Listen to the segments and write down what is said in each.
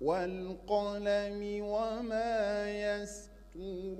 والقلم وما يسطرون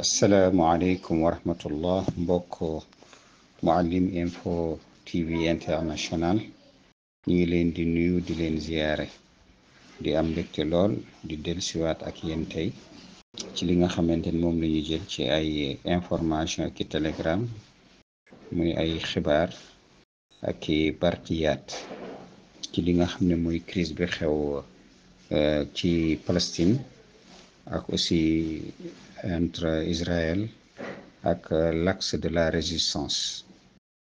asalaamualeykum wa rahmatullah mbokk Mouhalim info tv international ñu ngi leen di nuyu di leen ziyaare di am mbégte lool di dellusiwaat ak yéen ci li nga xamante ni moom la ñu jël ci ay information ki telegram muy ay xibaar ak barkiyaat ci li nga xam ne mooy crise bi xew euh, ci Palestine ak aussi entre Israël ak euh, l'axe de la résistance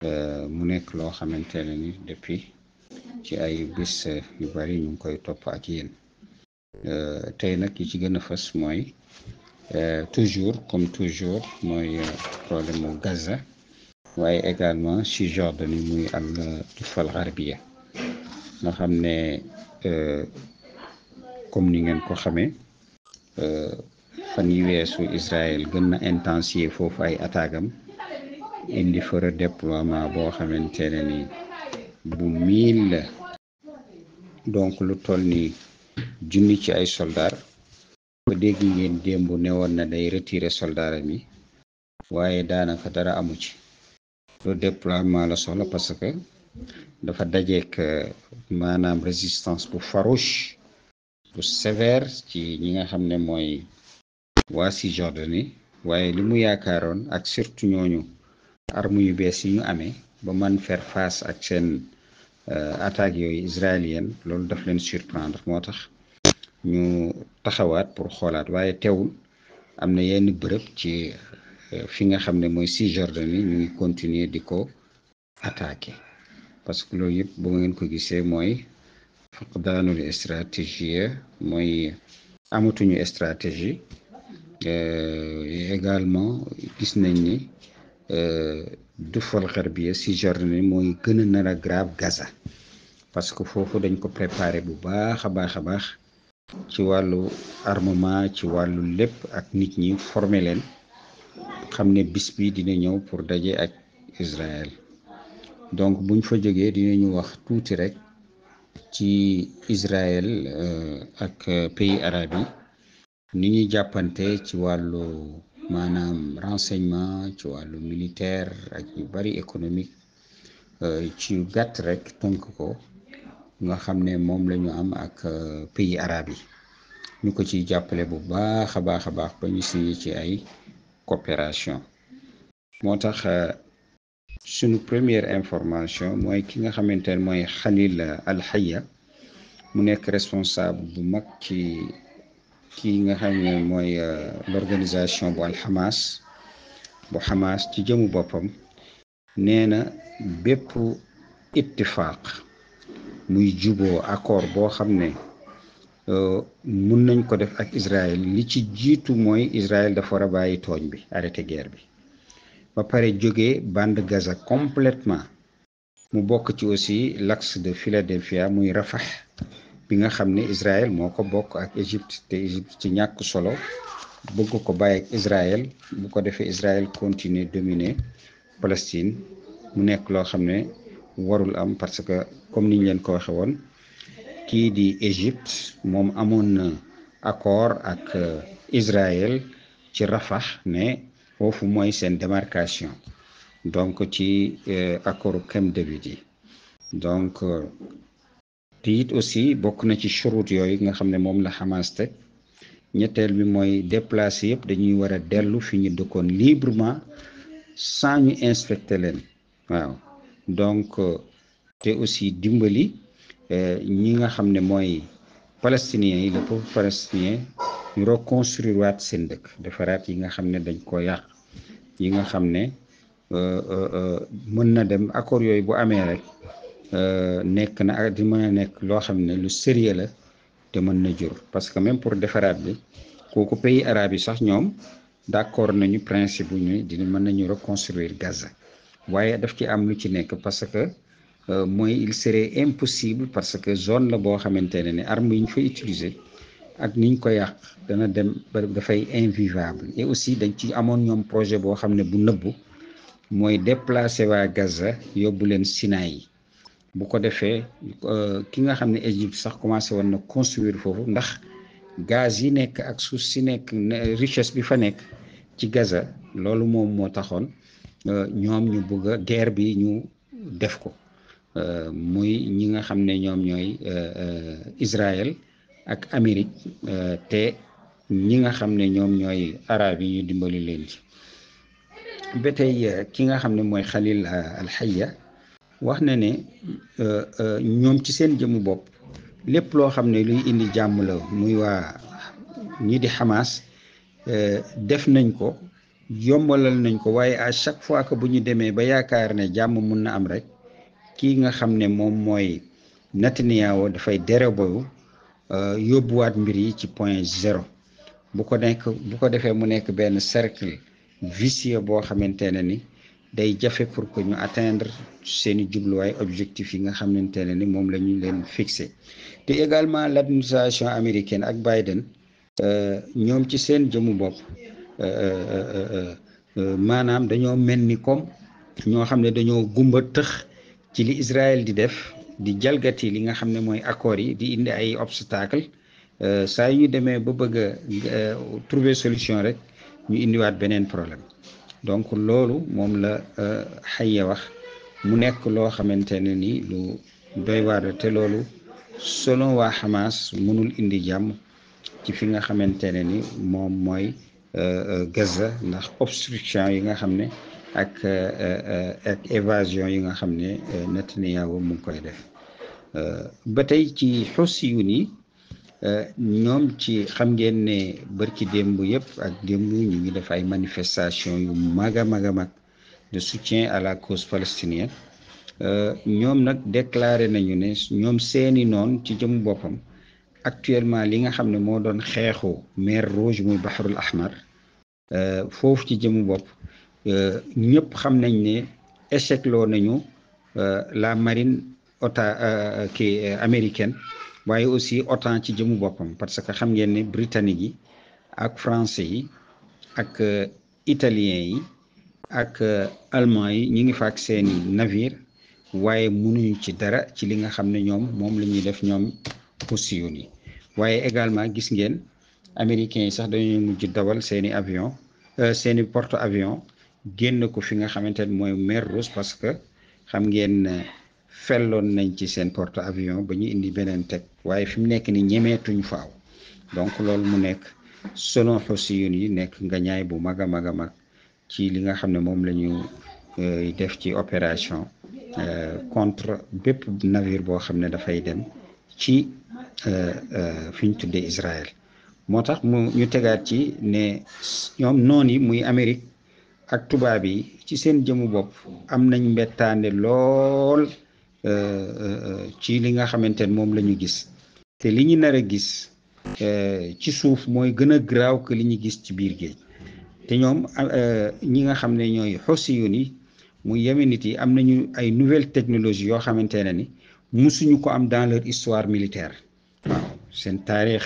euh, mu nekk loo xamante ne ni depuis ci ay bis euh, yu bari ñu ngi koy topp ak yéen tey nag yi ci gën a fës mooy toujours comme toujours mooy problème mu Gaza waaye également ci Jordanie muy al tufal xarbiya nga xam ne comme ni ngeen ko xamee fan yi weesu Israël gën na intensifier foofu ay attaque am indi fëra déploiement boo xamante ne ni bu mille la donc lu toll ni junni ci ay soldats ko dégg ngeen démb newoon na day retire soldats am waaye daanaka dara amu ci lu déploiement la soxla parce que dafa dajeek euh, maanaam résistance bu farouche bu sévère ci ñi nga xam ne mooy waa Cisjordanie waaye li mu yaakaaroon ak surtout ñooñu arme yu bees yi ñu amee ba man faire face ak seen euh, attaques yooyu israélienne loolu daf leen surprendre moo tax ñu taxawaat pour xoolaat waaye teewul am na yenn bërëb ci euh, fi nga xam ne mooy si Cisjordanie ñu ngi continuer di ko attaquer parce que loolu yëpp bu ngeen ko gisee mooy faqdaanul stratégie mooy amatuñu stratégie Euh, également gis nañ ne euh, Dufal Xarbiya si Jordanie mooy gën a nar a grave Gaza parce que foofu dañ ko préparé bu baax a baax a baax ci wàllu armement ci wàllu lépp ak nit ñi former leen xam ne bis bi dina ñëw pour daje ak israel donc buñ fa jógee ñu wax tuuti rek ci Israël euh, ak pays arabes yi. ni ñuy jàppante ci wàllu maanaam renseignement ci wàllu militaire ak yu bari économique euh, ci yu gàtt rek tënk ko nga xam ne moom la ñu am ak euh, pays arabes ñu ko ciy jàppale bu baax a baax a baax ba ñu ci ay coopération moo tax euh, suñu première information mooy ki nga xamante ne mooy Khalil Al mu nekk responsable bu mag ci kii nga xam ne mooy euh, l'organisation bu alxamas bu xamaas ci jëmu boppam nee na bépp ittifaaq muy juboo accord boo xam ne euh, mun nañ ko def ak Israël li ci jiitu mooy Israël dafa war bàyyi tooñ bi arrêté guerre bi ba pare jóge bande Gaza completement mu bokk ci aussi lax de Philadelphia muy Rafah bi nga xam ne Israël moo ko bokk ak Égypte te Égypte ci ñàkk solo bëgg ko bàyyi ak Israël bu ko defee Israël continuer dominer Palestine mu nekk loo xam ne warul am parce que comme niñ leen ko waxee woon kii di Égypte moom amoon na accord ak euh, Israël ci Rafah ne foofu mooy seen démarcation donc ci euh, accordu Camp David yi donc euh, te it aussi bokk na ci churut yooyu nga xam ne moom la Hamas teg ñetteel bi mooy déplace yëpp dañuy war a dellu fi ñu dëkkoon librement saa ñu inspecter leen waaw donc euh, te aussi dimbali euh, ñi nga xam ne mooy palestiniens yi le peuple palestinien ñu reconstruire waat seen dëkk defaraat yi nga xam ne dañ ko yàq yi nga xam ne euh, mën na dem accord yooyu bu amee rek Euh, nekk na ak di mën a nekk loo xam ne lu sérieux la te mën na jur parce que même pour defaraat bi kooku pays arabe yi sax ñoom d'accord nañu principe bu ñu dina mën nañu reconstruire Gaza waaye daf ci am lu ci nekk parce que euh, mooy il serait impossible parce que zone la boo xamante ne ne armes yi ñu fay utiliser ak niñ ko yàq dana dem ba dafay invivable et aussi dañ ci amoon ñoom projet boo xam ne bu nëbbu mooy déplacer waa Gaza yóbbu leen Sinaï bu ko defee euh, ki nga xam ne Égypte sax commencé woon na construire foofu ndax gaz yi nekk ak suuf si nekk richesse bi fa nekk ci Gaza loolu moom moo taxoon euh, ñoom ñu bëgg a guerre bi ñu def ko euh, muy ñi nga xam ne ñoom ñooy Israël ak Amérique te ñi nga xam ne ñoom ñooy arab yi ñu dimbali leen ci ba tey ki nga xam ne mooy Khalil al wax na ne euh, euh, ñoom ci seen jëmu bopp lépp loo xam ne luy indi jàmm la muy waa ñii di Hamas euh, def nañ ko yombalal nañ ko waaye à chaque fois que bu ñu demee ba yaakaar ne jàmm mun na am rek kii nga xam ne moom mooy Netanyahu dafay déreboyu yóbbuwaat mbir yi ci point zéro bu ko nekk bu ko defee mu nekk benn cercle vicieux boo xamante ne ni day jafe pour que ñu atteindre seeni jubluwaay objectif yi nga xamante ne ni moom la ñu leen fixé te également l' administration américaine ak Biden euh, ñoom ci seen jëmu bopp euh, euh, maanaam dañoo mel ni comme ñoo xam ne dañoo gumba tëx ci li Israël di def di jalgati li nga xam ne mooy accords yi di indi ay obstacle saa yu ñu demee ba bëgg a trouver solution rek ñu indiwaat beneen problème donc loolu moom la xayya euh, wax mu nekk loo xamante ne ni lu doy waar te loolu selon waa Hamas mënul indi jàmm ci fi nga xamante ne ni moom mooy euh, euh, Gaza ndax obstruction yi nga xam ne ak ak évasion yi nga xam ne Netanyahu mu ngi koy def ba ci xusi yu nii ñoom ci xam ngeen ne bërki démb yëpp ak démb ñu ngi def ay manifestation yu mag a mag a mag de soutien à la cause palestinienne euh, ñoom nag déclaré nañu ne ñoom seeni noon ci jëm boppam actuellement li nga xam ne moo doon xeexu mer rouge muy baharul ahmar euh, foofu ci jëmu bopp euh, ñëpp xam nañ ne échec loo nañu la marine ota ki américaine waaye aussi OTAN ci jëmu boppam parce que xam ngeen ne britannique yi ak français yi ak euh, italien yi ak euh, allemand yi ñu ngi faak seeni navire waaye mënuñu ci dara ci li nga xam ne ñoom moom la ñuy def ñoom Houthiyun yi waaye également gis ngeen américains yi sax dañuy mujj dawal seeni avion euh, seeni porte avion génn ko fi nga xamante ne mooy mer Rouge parce que xam ngeen felloon nañ ci seen porte avion ba ñu indi beneen teg waaye fi mu nekk ni ñemeetuñ faaw donc loolu mu nekk selon xosiyun yi nekk nga ñaay bu mag a mag a mag ci li nga xam ne moom la euh, def ci opération euh, contre bépp navire boo xam ne dafay dem ci euh, fi ñu tuddee Israël moo tax mu ñu tegaat ci ne ñoom noon yi muy Amérique ak tubaab yi ci seen jëmu bopp am nañ mbettaande lool Euh, euh, euh, ci li nga xamante ne moom la ñu gis te li ñu nar a gis ci suuf mooy gën a garaaw li ñu gis ci biir géej te ñoom ñi nga xam ne ñooy xosiyun yi muy yéménite yi am nañu ay nouvelle technologie yoo xamante ne ni musuñu ko am dans leur histoire militaire waaw seen taarix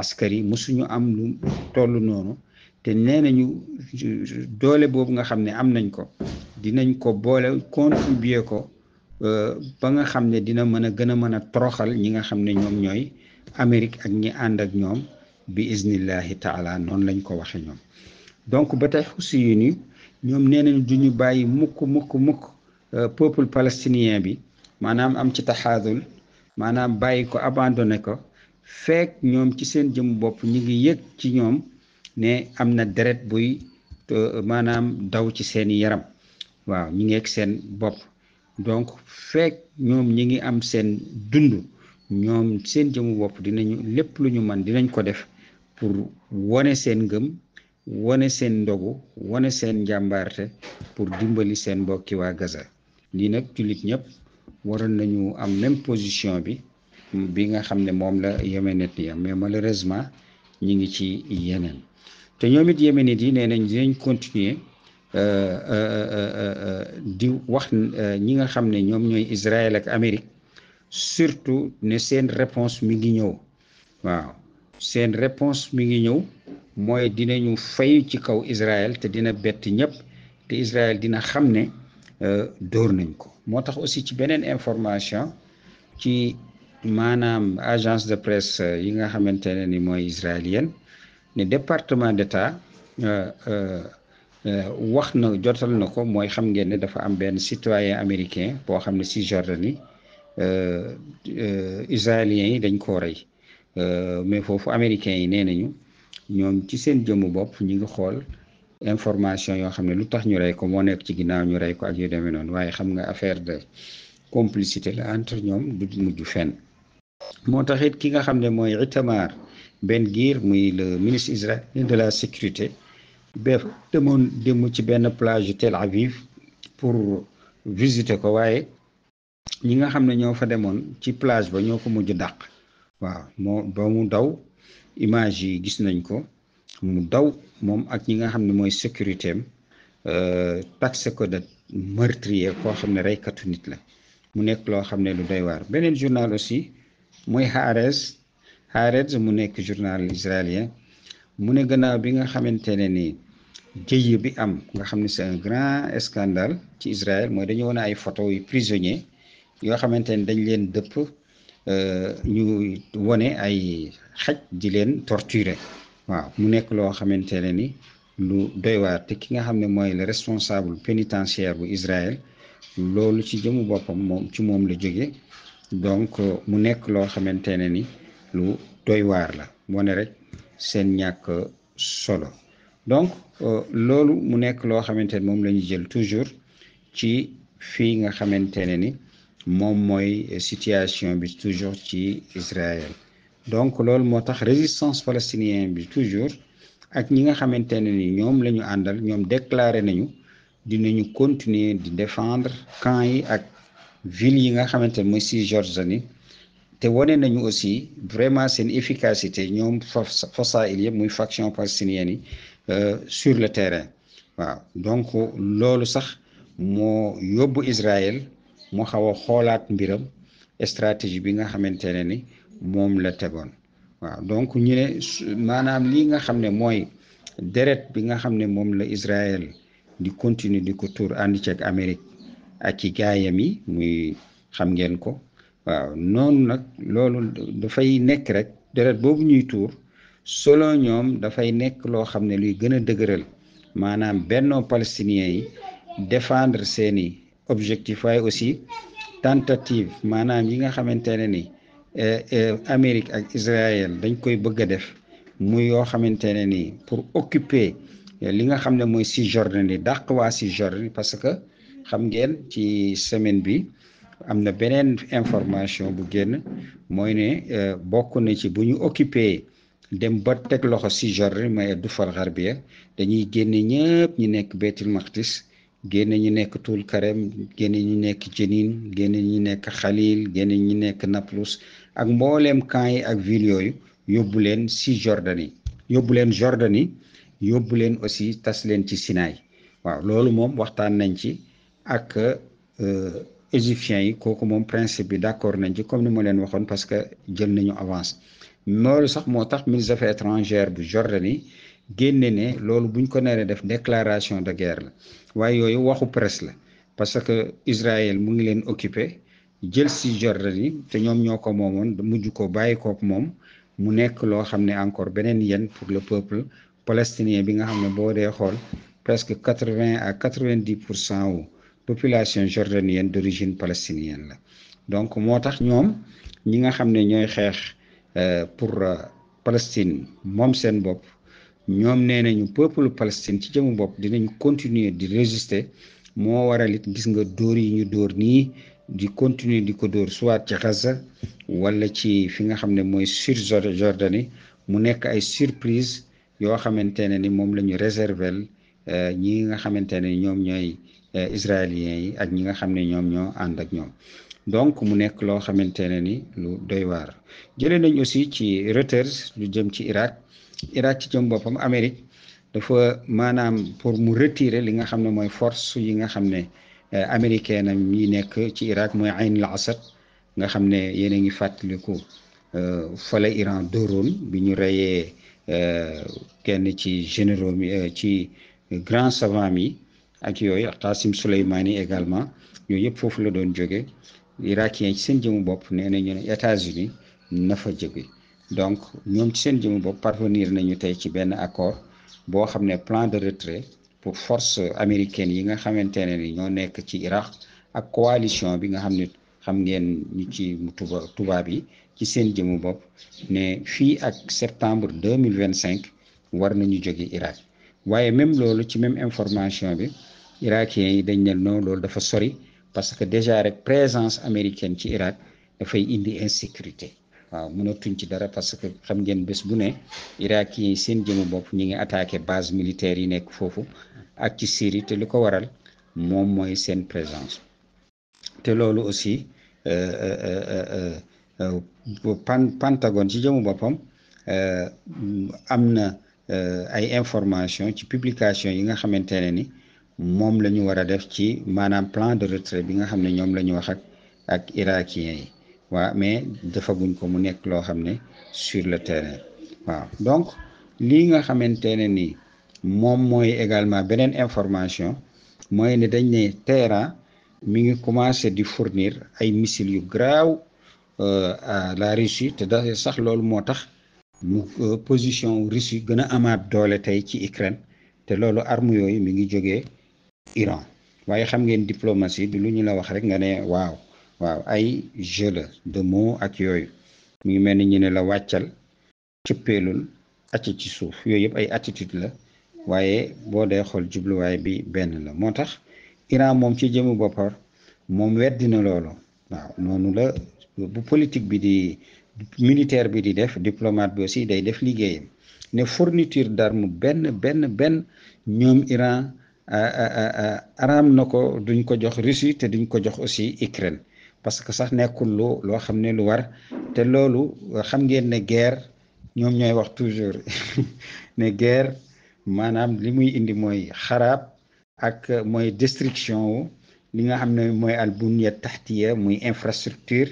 askari musuñu am lu toll noonu te nee nañu doole boobu nga xam ne am nañ ko dinañ ko boole contribuer ko ba nga xam ne dina mën a gën a mën a toroxal ñi nga xam ne ñoom ñooy Amérique ak ñi ànd ak ñoom bi iznillahi taala noonu lañ ko waxe ñoom donc ba tey xusi yu ni ñoom nee nañ du ñu bàyyi mukk mukk mukk euh, peuple palestinien bi maanaam am ci taxaadul maanaam bàyyi ko abandonné ko feek ñoom ci seen jëm bopp ñu ngi yëg ci ñoom ne am na deret buy euh, maanaam daw ci seeni yaram waaw ñu ngi yëg seen bopp donc fekk ñoom ñi ngi am seen dund ñoom seen jëmu bopp dinañu lépp lu ñu man dinañ ko def pour wane seen ngëm wane seen ndogu wane seen njàmbaarte pour dimbali seen mbokki waa Gaza lii nag jullit ñëpp waroon nañu am même position bi bi nga xam ne moom la yemenet yi mais malheureusement ñi ngi ci yeneen te ñoom it yi nee nañ continuer Euh, euh, euh, di wax ñi nga xam ne ñoom ñooy Israël ak Amérique surtout ne seen réponse mi ngi ñëw waaw seen réponse mi ngi ñëw mooy dinañu fayu ci kaw Israël te dina bett ñëpp te Israël dina xam ne dóor nañ ko moo tax aussi ci beneen information ci maanaam agence de presse yi nga xamante ne ni mooy israélienne ne département d'État Euh, wax na jotal na ko mooy xam ngeen ne dafa am benn citoyen américain boo xam ne si Jordanie euh, euh, israéliens yi dañ koo rey mais foofu américains yi nee nañu ñoom ci seen jëmmu bopp ñu ngi xool information yoo xam ne lu tax ñu rey ko moo nekk ci ginnaaw ñu rey ko ak yu demee noonu waaye xam nga affaire de complicité la entre ñoom du mujj fenn moo tax it ki nga xam ne mooy Itamar benn giir muy le ministre israélien de la sécurité ba demoon démb ci benn plage Tel Aviv pour visiter ko waaye ñi nga xam ne ñoo fa demoon ci plage ba ñoo ko mujj dàq waaw moo ba mu daw image yi gis nañ ko mu daw moom ak ñi nga xam ne mooy sécurité am euh, taxe ko de meurtrier koo xam ne reykatu nit la mu nekk loo xam ne lu doy waar beneen journal aussi mooy Haaretz Haaretz mu nekk journal israélien mu ne gannaaw bi nga xamante ne nii jëye bi am nga xam ne c'est un grand scandale ci Israël mooy dañu wane ay photo yu prisonnier yoo xamante ne dañ leen dëpp euh, ñu wane ay xaj ji leen torture waaw mu nekk loo xamante ne ni lu doy ki nga xam ne mooy responsable pénitentiaire bu Israël loolu ci jëmu boppam moom ci moom la jóge donc mu nekk loo xamante ne ni lu doy la wane rek seen ñàkk solo donc euh, loolu mu nekk loo xamante ne moom la ñu jël toujours ci fii nga xamante ne ni moom mooy situation bi toujours ci Israël donc loolu moo tax résistance palestinienne bi toujours ak ñi nga xamante ne ni ñoom la ñu àndal ñoom déclaré nañu dinañu continuer di défendre camp yi ak ville yi nga xamante ne mooy Cisjordanie te wane nañu aussi vraiment seen efficacité ñoom fasaa yëpp muy faction palestinienne yi Euh, sur le terrain waaw donc loolu sax moo yóbbu Israël mu xaw a xoolaat mbiram stratégie bi nga xamante ne ni moom la tegoon waaw donc ñu ne maanaam lii nga xam ne mooy deret bi nga xam ne moom la Israël di continuer di ko tuur ànd ceeg Amérique ak ci gaayam mi muy xam ngeen ko waaw noonu nag loolu dafay nekk rek deret boobu ñuy tuur solo ñoom dafay nekk loo xam ne luy gën a dëgëral maanaam bennoo palestiniens yi défendre seeni objectif waaye aussi tentative maanaam yi nga xamante ne ni eh, eh, Amérique ak Israël dañ koy bëgg a def muy yoo xamante ne ni pour occuper li nga xam ne mooy Cisjordanie dàq waa si Cisjordanie parce que xam ngeen ci semaine bi am na beneen information bu génn mooy ne eh, bokk na ci bu ñu occuper dem ba teg loxo si Jordan may du fal xarbiya dañuy génne ñëpp ñu nekk Beytul Maqdis génne ñu nekk Tuul Karem génne ñu nekk Jenin génne ñu nekk Xalil génne ñi nekk Nablus ak mbooleem camp yi ak ville yooyu yóbbu leen si Jordan yi yóbbu leen Jordan yi yóbbu leen aussi tas leen ci Sinaay waaw loolu moom waxtaan nañ ci ak euh, égyptiens yi kooku moom principe bi d'accord nañ ci comme ni ma leen waxoon parce que jël nañu avance loolu sax moo tax ministre des affaires étrangères bu Jordanie génne ne loolu buñ ko naree def déclaration de guerre la waaye yooyu waxu presse la parce que Israël mu ngi leen occupé jël si Jordanie te ñoom ñoo ko moomoon mujj ko bàyyi kook moom mu nekk loo xam ne encore beneen yen pour le peuple palestinien bi nga xam ne boo dee xool presque quatre vingt à quatre vingt dix pour cent wu population jordanienne d' origine palestinienne la donc moo tax ñoom ñi nga xam ne ñooy xeex. Euh, pour euh, Palestine moom seen bopp ñoom nee nañu peuple Palestine ci jëmu bopp dinañ continuer di résister moo waral it gis nga dóor yi ñu dóor nii di continuer di ko dóor soit ci Gaza wala ci fi nga xam ne mooy sur Jordanie mu nekk ay surprise yoo xamante ne ni moom la ñu réservel euh, ñi nga xamante ne ñoom ñooy israéliens yi ak ñi nga xam ne ñoom ñoo ànd ak ñoom donc mu nekk loo xamante ne ni lu doy waar jëlee nañ aussi ci Reuters lu jëm ci Irak Irak ci jëm boppam Amérique dafa maanaam pour mu retirer li nga xam ne mooy force yi nga xam ne eh, américaine am yi nekk ci Irak mooy Ayn al-Asad nga xam ne yéen a ngi fàttaliku eh, fala Iran dóoroon bi ñu reyee eh, kenn ci généraux mi ci grand savant mi ak yooyu Qasim Souleymani également yooyu yëpp foofu la doon joge irakien ci seen jëmu bopp nee nañu ne États-Unis na fa jóge donc ñoom ci seen jëmu bopp parvenir nañu tey ci benn accord boo xam ne plan de retrait pour force américaine yi nga xamante ne ni ñoo nekk ci Irak ak coalition bi nga xam ne xam ngeen ñu ci tuba tubaab yi ci seen jëmu bopp ne fii ak septembre deux mille vingt cinq war nañu jóge Irak waaye même loolu ci même information bi irakien yi dañ ne non loolu dafa sori. parce que déjà rek présence américaine ci Irak dafay indi insécurité waaw mënatuñ ci dara parce que xam ngeen bés bu ne Irak yi seen jëmu bopp ñu ngi attaqué base militaire yi nekk foofu ak ci Syrie te li ko waral moom mooy seen présence te loolu aussi euh, euh, euh, pan Pentagone ci jëmu boppam am na ay information ci publication yi nga xamante ne ni moom la ñu war a def ci maanaam plan de retrait bi nga xam ne ñoom la ñu wax ak ak irakien yi waa mais defaguñ ko mu nekk loo xam ne sur le terrain waaw donc lii nga xamante ne ni moom mooy également beneen information mooy ne dañ ne Téhéran mi ngi commencé di fournir ay missiles yu graaw euh, à la Russie te da sax loolu moo tax mu euh, position Russie gën a amaat doole tey ci Ukraine te loolu arme yooyu mi ngi jógee Iran waaye xam ngeen diplomatie du lu ñu la wax rek nga ne waaw waaw ay jeu la de ak yooyu mu ngi mel ni ñu ne la wàccal cëppeelul acc ci suuf yooyu yëpp ay attitude la waaye boo dee xool jubluwaay bi benn la moo tax Iran moom ci jëmu boppam moom weddi dina loolu waaw noonu la bu politique bi di militaire bi di def diplomate bi aussi day def liggéeyam ne fourniture d'arme benn benn benn ñoom Iran Euh, euh, euh, araam na ko duñ ko jox Russie te duñ ko jox aussi Ukraine parce que sax nekkul lu loo xam ne lu war te loolu xam ngeen ne guerre ñoom ñooy wax toujours ne guerre maanaam li muy indi mooy xaraab ak mooy destruction wu li nga xam ne mooy al bunya tahtiya muy infrastructure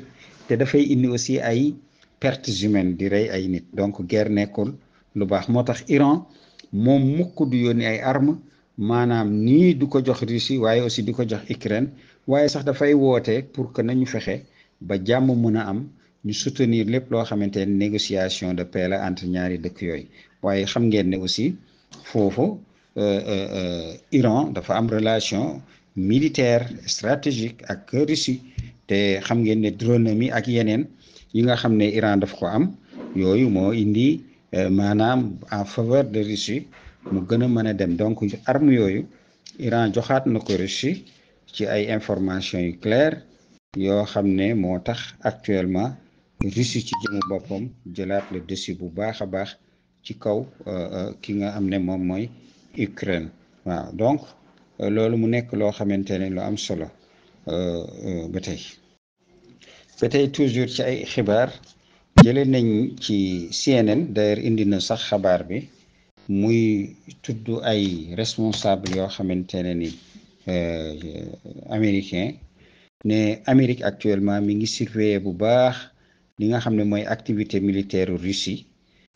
te dafay indi aussi ay pertes humaines di rey ay nit donc guerre nekkul lu baax moo tax Iran moom mukk du ay armes maanaam nii du ko jox Russie waaye aussi di ko jox Ukraine sax dafay woote pour que nañu fexe ba jàmm mën a am ñu soutenir lépp loo xamante ne de paix la entre ñaari dëkk yooyu waaye xam ngeen ne aussi foofu euh, euh, euh, Iran dafa am relation militaire stratégique ak Russie te xam ngeen ne drone ak yeneen yi nga xam ne Iran daf ko am yooyu moo indi maanaam en faveur de Russie mu gën a mën a dem donc arme yooyu Iran joxaat na ko Russie ci ay information yu claire yoo xam ne moo tax actuellement Russie ci jëmu boppam jëlaat le dessus bu baax a baax ci kaw euh, euh, ki nga xam ne moom mooy Ukraine waaw donc euh, loolu mu nekk loo xamante ne loo am solo ba tey ba toujours ci ay xibaar jëlee nañ ci CNN d'ailleurs indi na sax xabaar bi muy tudd ay responsable yoo xamante ne ni euh, américain ne Amérique actuellement mi ngi surveiller bu baax li nga xam ne mooy activité militaire Russie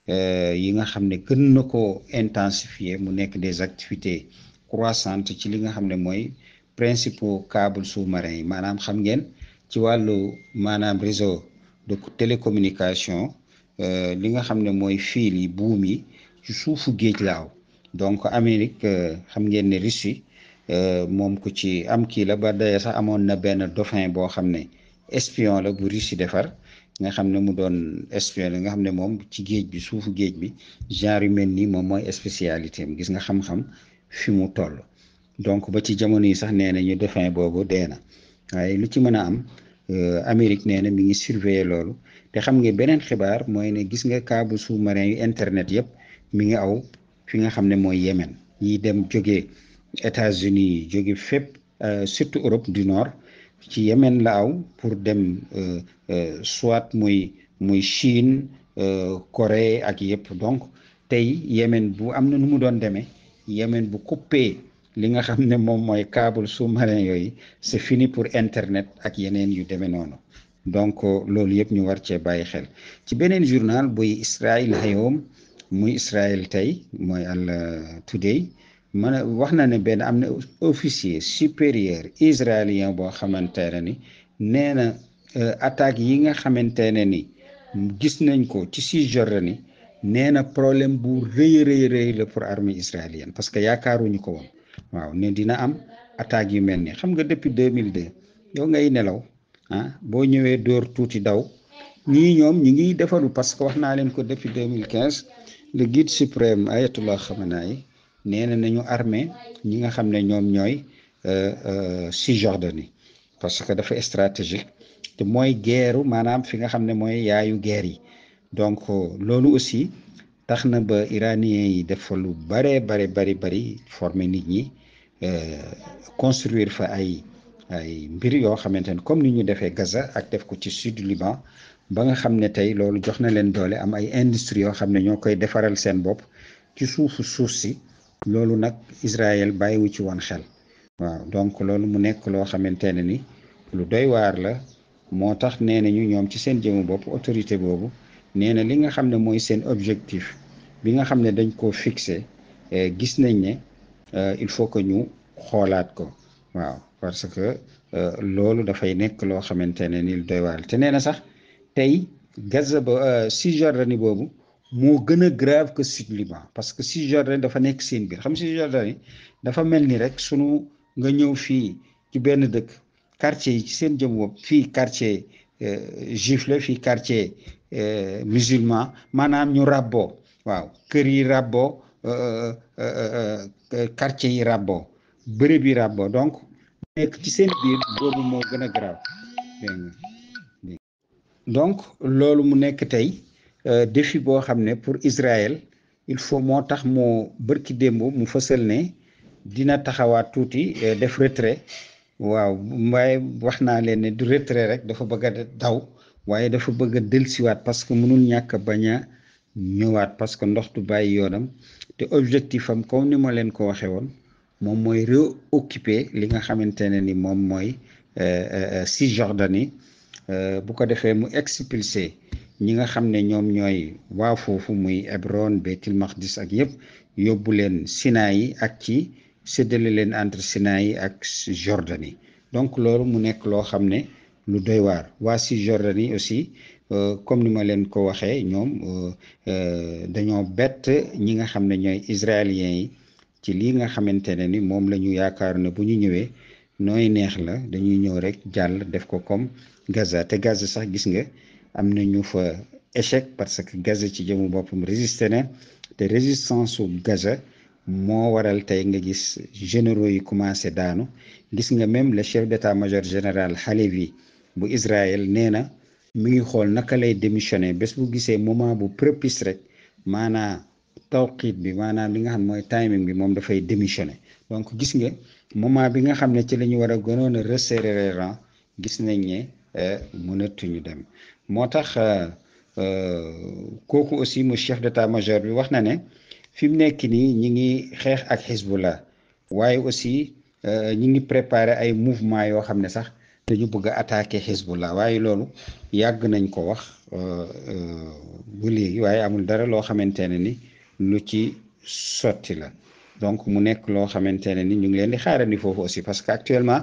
euh, yi nga xam ne gën na ko intensifier mu nekk des activités croissantes ci li nga xam ne mooy principaux câbles sous-marins yi maanaam xam ngeen ci wàllu maanaam réseau de télécommunication euh, li nga xam ne mooy fil yi buum yi ci suufu géej laaw donc Amérique euh, xam ngeen ne Russie euh, moom ku ci am kii la ba daye sax amoon na benn dauphin boo xam ne espion la bu Russie defar nga xam ne mu doon espion la nga xam ne moom ci géej bi suufu géej bi genre yu mel nii moom mooy spécialité am gis nga xam-xam fi mu toll donc ba ci jamono yi sax nee na ñu dauphin boobu dee na waaye lu ci mën a am euh, Amérique nee na mi ngi surveiller loolu te xam nga beneen xibaar mooy ne gis nga kaabu sous-marin internet yëpp mi nga aw fi nga xam ne mooy Yémen ñiy dem jóge États-Unis jóge fépp euh, surtout Europe du Nord ci yemen la aw pour dem euh, euh, soit muy muy Chine Corée ak yëpp donc tey Yémen bu am na nu mu doon demee Yémen bu coupé li nga xam ne moom mooy câble sous-marin yooyu c'est fini pour internet ak yeneen yu demee noonu donc loolu yëpp ñu war cee bàyyi xel ci beneen journal buy Israël Hayom muy Israël tey mooy al euh, today wax na ne benn am na officier supérieur israélien boo xamante ne ni nee na euh, attaques yi nga xamante ne ni gis nañ ko ci Cisjordanie nee na problème bu rëy rëy rëy la pour armée israélienne parce que yaakaaruñu ko woon waaw ne dina am attaques yu mel ni xam nga depuis 2002 yow ngay nelaw ah boo ñëwee dóor tuuti daw ñii ñoom ñi ngi defaru parce que wax naa leen ko depuis le guide suprême Ayatollah Khamenei nee na nañu armée ñi nga xam ne ñoom ñooy euh, euh, Cisjordanie parce que dafa stratégique te mooy guerru maanaam fi nga xam ne mooy yaayu guerre yi donc euh, loolu aussi tax na ba iranien yi def lu bare bare bari bari former nit ñi construire fa ay mbir yoo xamante ne comme ni ñu defee Gaza ak def ko ci sud Liban ba nga xam ne tey loolu jox na leen doole am ay industrie yoo xam ne ñoo koy defaral seen bopp ci suufu suuf si loolu nag Israël bàyyiwu ci woon xel waaw donc loolu mu nekk loo xamante ne ni lu doy waar la moo tax nee nañu ñoom ci seen jëmu bopp autorité boobu nee na li nga xam ne mooy seen objectif bi nga xam ne dañ koo fixé eh, gis nañ ne eh, il faut que ñu xoolaat ko waaw parce que eh, loolu dafay nekk loo xamante ne ni lu doy te nee na sax tey Gaza ba Cisjordanie euh, boobu moo gën a grave que Sud Liban parce que Cisjordanie dafa nekk seen biir xam Cisjordanie dafa mel ni rek sunu nga ñëw fii ci benn dëkk quartier yi ci seen jëm bopp fii quartier euh, juif la fii quartier euh, musulman maanaam ñu ràbboo waaw kër yi ràbboo quartier yi ràbboo bërëb yi ràbboo donc nekk ci seen biir boobu moo gën a grave donc loolu mu nekk tey euh, défi boo xam ne pour Israël il faut moo tax moo bërki démb mu fësal ne dina taxawaat tuuti euh, def retrait waaw waaye wax naa leen ne du retrait rek dafa bëgg a daw waaye dafa bëgg a dellusiwaat parce que mënul ñàkk bañ a ñëwaat parce que ndox du bàyyi yoonam te objectif am comme ni ma leen ko waxee woon moom mooy réoccuper li nga xamante ne ni moom mooy si euh, Cisjordanie Euh, bu ko defee mu expulsé ñi nga xam ne ñoom ñooy waa foofu muy Hebron Beytul Maqdis ak yëpp yóbbu leen Sinaay yi ak ci séddale leen entre Sinaay yi ak Jordanie donc loolu mu nekk loo xam ne lu doy waar waa si Jordanie aussi euh, comme ni ma leen ko waxee ñoom euh, dañoo bett ñi nga xam ne ñooy israéliens yi ci lii nga xamante ne ni moom la ñu yaakaar ne bu ñu ñëwee nooy neex la dañuy ñëw rek jàll def ko comme Gaza te Gaza sax gis nga am na ñu fa échec parce que Gaza ci jëmu boppam résisté ne te résistance su Gaza moo waral tey nga gis généraux yi commencé daanu gis nga même le chef d'état-major général Halevi bu Israël nee na mi ngi xool naka lay démissionné bés bu gisee moment bu propice rek maanaa tawqiit bi maanaam li nga xam mooy timing bi moom dafay démissionné donc gis nga moment bi nga xam ne ci la ñu war a gënoon a gis nañ ne. E, mënatuñu dem moo tax euh, euh, kooku aussi mu chef d'état-major bi wax na ne fi mu nekk nii ñi ngi xeex ak Hezbollah waaye aussi euh, ñi ngi préparer ay mouvement yoo xam ne sax dañu bëgg a attaquer Hezbollah waaye loolu yàgg nañ ko wax bu léegi waaye amul dara loo xamante ne ni lu ci sotti la donc mu nekk loo xamante ne ni ñu ngi leen di xaarandi foofu aussi parce que actuellement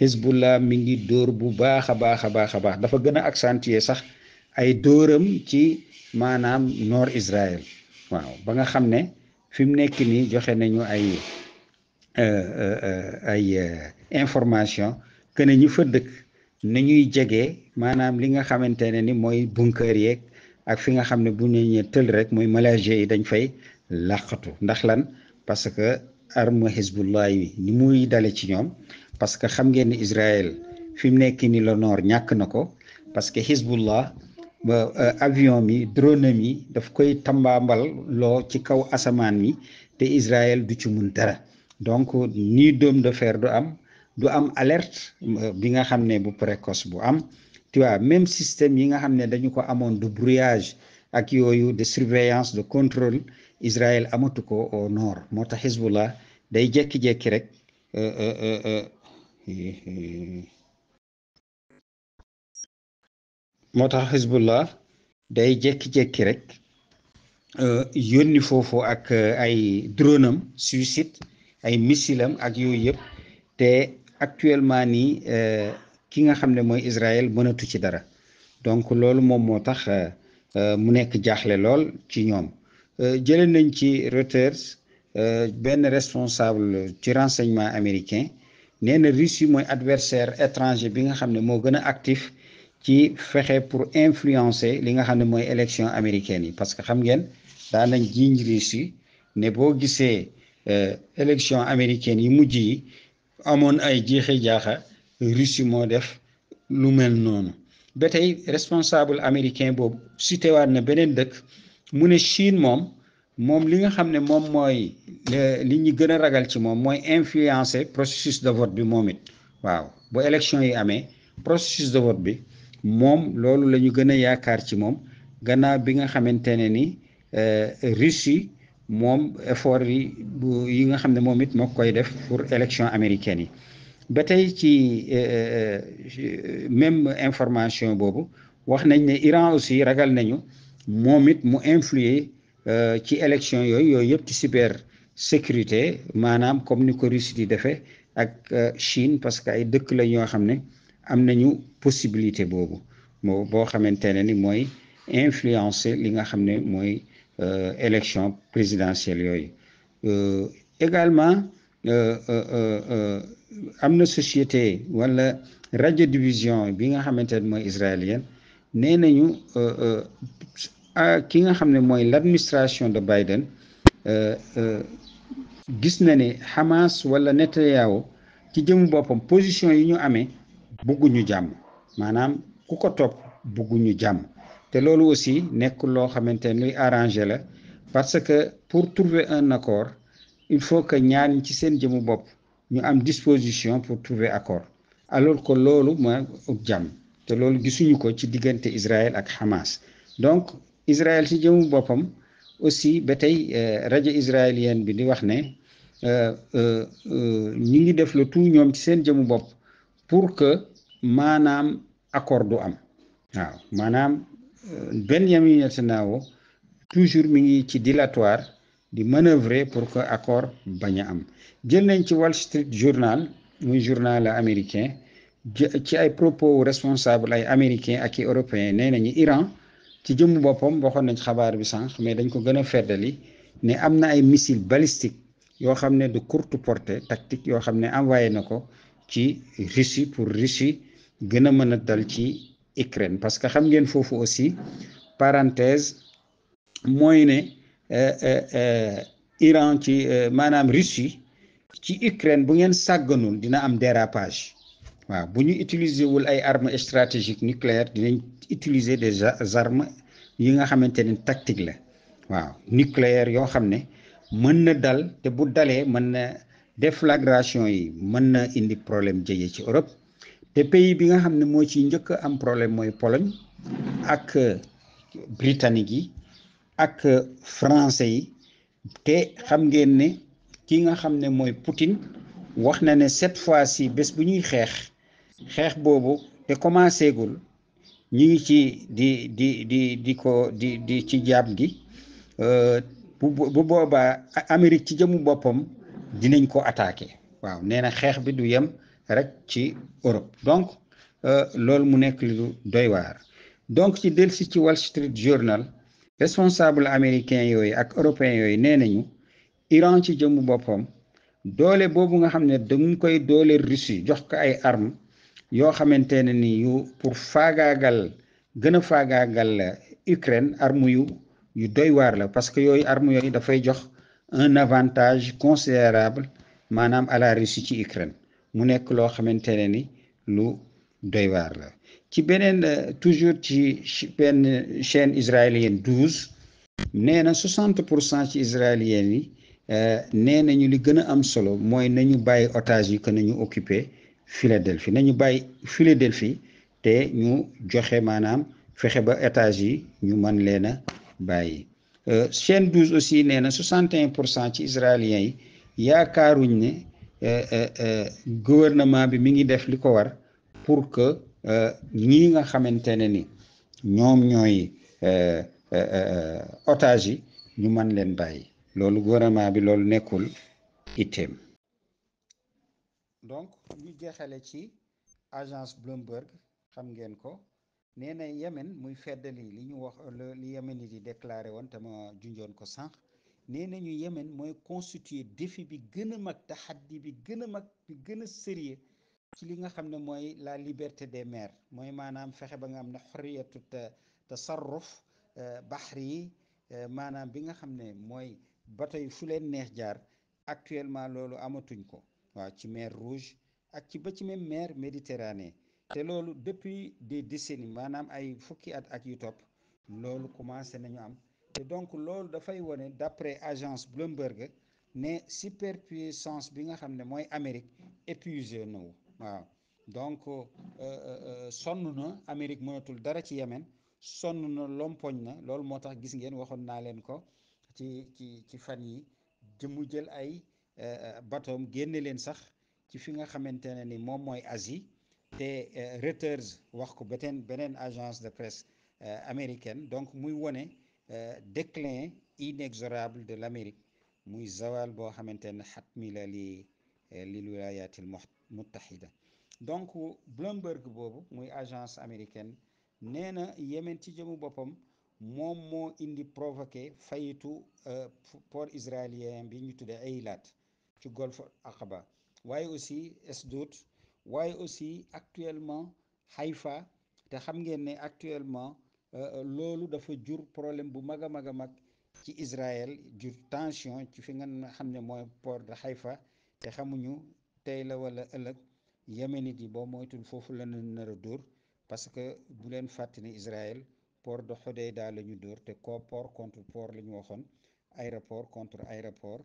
Hezbollah mi ngi dóor bu baax a baax a baax a baax dafa gën a accentuer sax ay dóoram ci maanaam nord Israël waaw ba nga xam ne fi mu nekk nii joxe nañu ay euh, euh, ay euh, information que ne ñu fa dëkk na ñuy jege maanaam li nga xamante ne ni mooy bunker yeeg ak fi nga xam ne bu ñu ñëwee tël rek mooy malaysia yi dañ fay làqatu ndax lan parce que arme Hezbollah yi ni muy dale ci ñoom. parce que xam ngeen ni Israël fi mu nekk ni le ñàkk na ko parce que Hezbollah ba euh, avion mi drone mi daf koy tambaambal loo ci kaw asamaan mi te Israël du ci mun dara donc ni dôme de fer du am du am alerte euh, bi nga xam ne bu précoce bu am tu même système yi nga xam ne dañu ko amoon de brouillage ak yooyu de surveillance de contrôle Israël amatu ko au nord moo tax Hezbollah day jékki-jékki rek. Euh, moo tax Hizbullah day jékki-jékki rek euh, yónni foofu ak euh, ay drone am suicide ay missile am ak yooyu yëpp te actuellement nii euh, ki nga xam ne mooy Israël mënatu ci dara donc loolu moom moo tax mu nekk jaaxle lool ci ñoom jëlee nañ ci Reuters benn responsable ci renseignement américain nee na Russie mooy adversaire étranger bi nga xam ne moo gën a actif ci fexe pour influencer li nga xam ne mooy élection américaine yi parce que xam ngeen daan nañ jiiñ Russie ne boo gisee euh, élection américaine yi mu mujj yi amoon ay jeexi jaaxa Russie moo def lu mel noonu ba tey responsable américain boobu cité waat na beneen dëkk mu ne Chine moom. moom li nga xam ne moom mooy li ñu gën a ragal ci moom mooy influencer processus de vote bi moom it waaw bu élection yi amee processus de vote bi moom loolu la ñu gën a yaakaar ci moom gannaaw bi nga xamante ne ni euh, Russie moom effort yi bu yi nga xam ne moom it moo koy def pour élection américaine yi ba tey ci euh, euh, même information boobu wax nañ ne Iran aussi ragal nañu moomit mu influer Euh, ci élection yooyu yooyu yëpp ci sécurité maanaam comme ni ko Russie di defee ak euh, Chine parce que ay dëkk la ñoo xam ne am nañu possibilité boobu moo boo xamante ne ni mooy influencer li nga xam ne mooy euh, élection présidentielle yooyu également am na société wala radio division bi nga xamante ne mooy israélienne nee nañu ki nga xam ne mooy l'administration de Biden euh, euh, gis na ne Hamas wala Netanyahu ci jëmu boppam position yi ñu amee bëgguñu jàmm maanaam ku ko topp bëgguñu jàmm te loolu aussi nekk loo xamante ne luy arrangé la parce que pour trouver un accord il faut que ñaar ñi ci seen jëmu bopp ñu am disposition pour trouver accord alors ko loolu mooy jàmm te loolu gisuñu ko ci diggante Israël ak Hamas donc Israël ci jëmu boppam aussi ba tey euh, rajo israélienne bi di wax ne euh, euh, ñu ngi def le tout ñoom ci seen jëmu bopp pour que maanaam accord du am waaw maanaam Benyamin Netanyahu toujours mi ngi ci dilatoire di manœuvrer pour que accord bañ am jël nañ ci Wall Street Journal muy journal américain ci ay propos responsable ay américain ak i européen nee nañu Iran ci jëmmu boppam waxoon nañ xabaar bi sànq mais dañ ko gën a feddali ne am na ay missile balistique yoo xam ne de courte portée tactique yoo xam ne envoyé na ko ci Russie pour Russie gën a mën a dal ci Ukraine parce que xam ngeen foofu aussi parenthèse mooy ne euh, euh, euh, Iran ci maanaam Russie ci Ukraine bu ngeen sàgganul dina am dérapage waaw bu ñu utiliser wul ay armes stratégiques nucléaires dinañ. utiliser des armes yi nga xamante ne tactique la waaw nucléaire yoo xam ne mën na dal te bu dalee mën na déflagration yi mën na indi problème jege ci Europe te pays bi nga xam ne moo ci njëkk am problème mooy Pologne ak euh, britannique yi ak euh, français yi te xam ngeen ne ki nga xam ne mooy Poutine wax na ne cette fois-ci bés bu ñuy xeex xeex boobu te commencé gul ñi ci di di di di ko di di ci jaab gi euh, bu bu boobaa Amérique ci jëmu boppam dinañ ko attaqué waaw nee na xeex bi du yem rek ci Europe donc euh, loolu mu nekk lu doy waar donc ci delsi ci Wall Street Journal responsable américain yooyu ak européen yooyu nee nañu Iran ci jëmmu boppam doole boobu nga xam ne dañ koy doole Russie jox ko ay armes yoo xamante ne ni yu pour faagaagal gën a faagaagal Ukraine arme yu yu doy waar la parce que yooyu armu yooyu dafay jox un avantage considérable maanaam à la Russie ci Ukraine mu nekk loo xamante ne ni lu doy waar la ci beneen toujours ci benn chaîne israélienne 12 nee na 60 pour cent ci israéliens yi euh, nee nañu li gën a am solo mooy nañu bàyyi otage yi que nañu occupé Philadelphie nañu bàyyi Philadelphie te ñu joxe maanaam fexe ba étage yi ñu man leen a bàyyi. chaîne euh, 12 aussi nee na 61 pour cent ci israéliens yi yaakaaruñ ne euh, euh, gouvernement bi mi ngi def li ko war pour que ñii nga xamante ne ni ñoom ñooy otage yi ñu mën leen bàyyi loolu gouvernement bi loolu nekkul itteem. donc ñu jeexale ci agence Bloomberg xam ngeen ko nee na Yémen muy feddali li ñu wax li Yémen yi di déclaré woon te ma junjoon ko sànq nee nañu yemen mooy constituer défi bi gën a mag taxaddi bi gën a mag bi gën a sérieux ci li nga xam ne mooy la liberté des maire mooy maanaam fexe ba nga am ne xorriyatu tasarruf euh, baxri yi euh, maanaam bi nga xam ne mooy bateau fu leen neex jaar actuellement loolu amatuñ ko waaw ci mer Rouge ak ci ba ci même mer Méditerranée te loolu depuis des décennies maanaam ay fukki at ak yu topp loolu commencé nañu am te donc loolu dafay wane d'après agence Bloomberg ne superpuissance bi nga xam ne mooy Amérique épuisé na waaw donc euh, euh, euh, sonn na Amérique mënatul dara ci Yémen sonn na lompoñ na loolu moo tax gis ngeen waxoon naa leen ko ci ci fan yi jëmu jël ay Euh, batoom génne leen sax ci fi nga xamante ne ni moom mooy Asie te euh, Reuters wax ko beneen beneen agence de presse euh, américaine donc muy wone déclin inexorable de l'Amérique muy zawal boo xamante ne xatmi la li lil wilayatil muttahida donc Bloomberg boobu muy agence américaine nee na Yémen ci jëmu boppam moom moo indi provoqué fayitu port israélien bi ñu tuddee Eilat ci golfe Aqaba waaye aussi Asdod waaye aussi actuellement xayfa te xam ngeen ne actuellement euh, loolu dafa jur problème bu mag a mag a mag ci Israël jur tension ci fi nga xam ne mooy port de xayfa te xamuñu tey la wala ëllëg yéménit yi boo moytul foofu la ñu nar a dóor parce que bu leen fàttali ne Israël port de Hodeida la ñu dóor te ko port contre port la ñu waxoon aéroport contre aéroport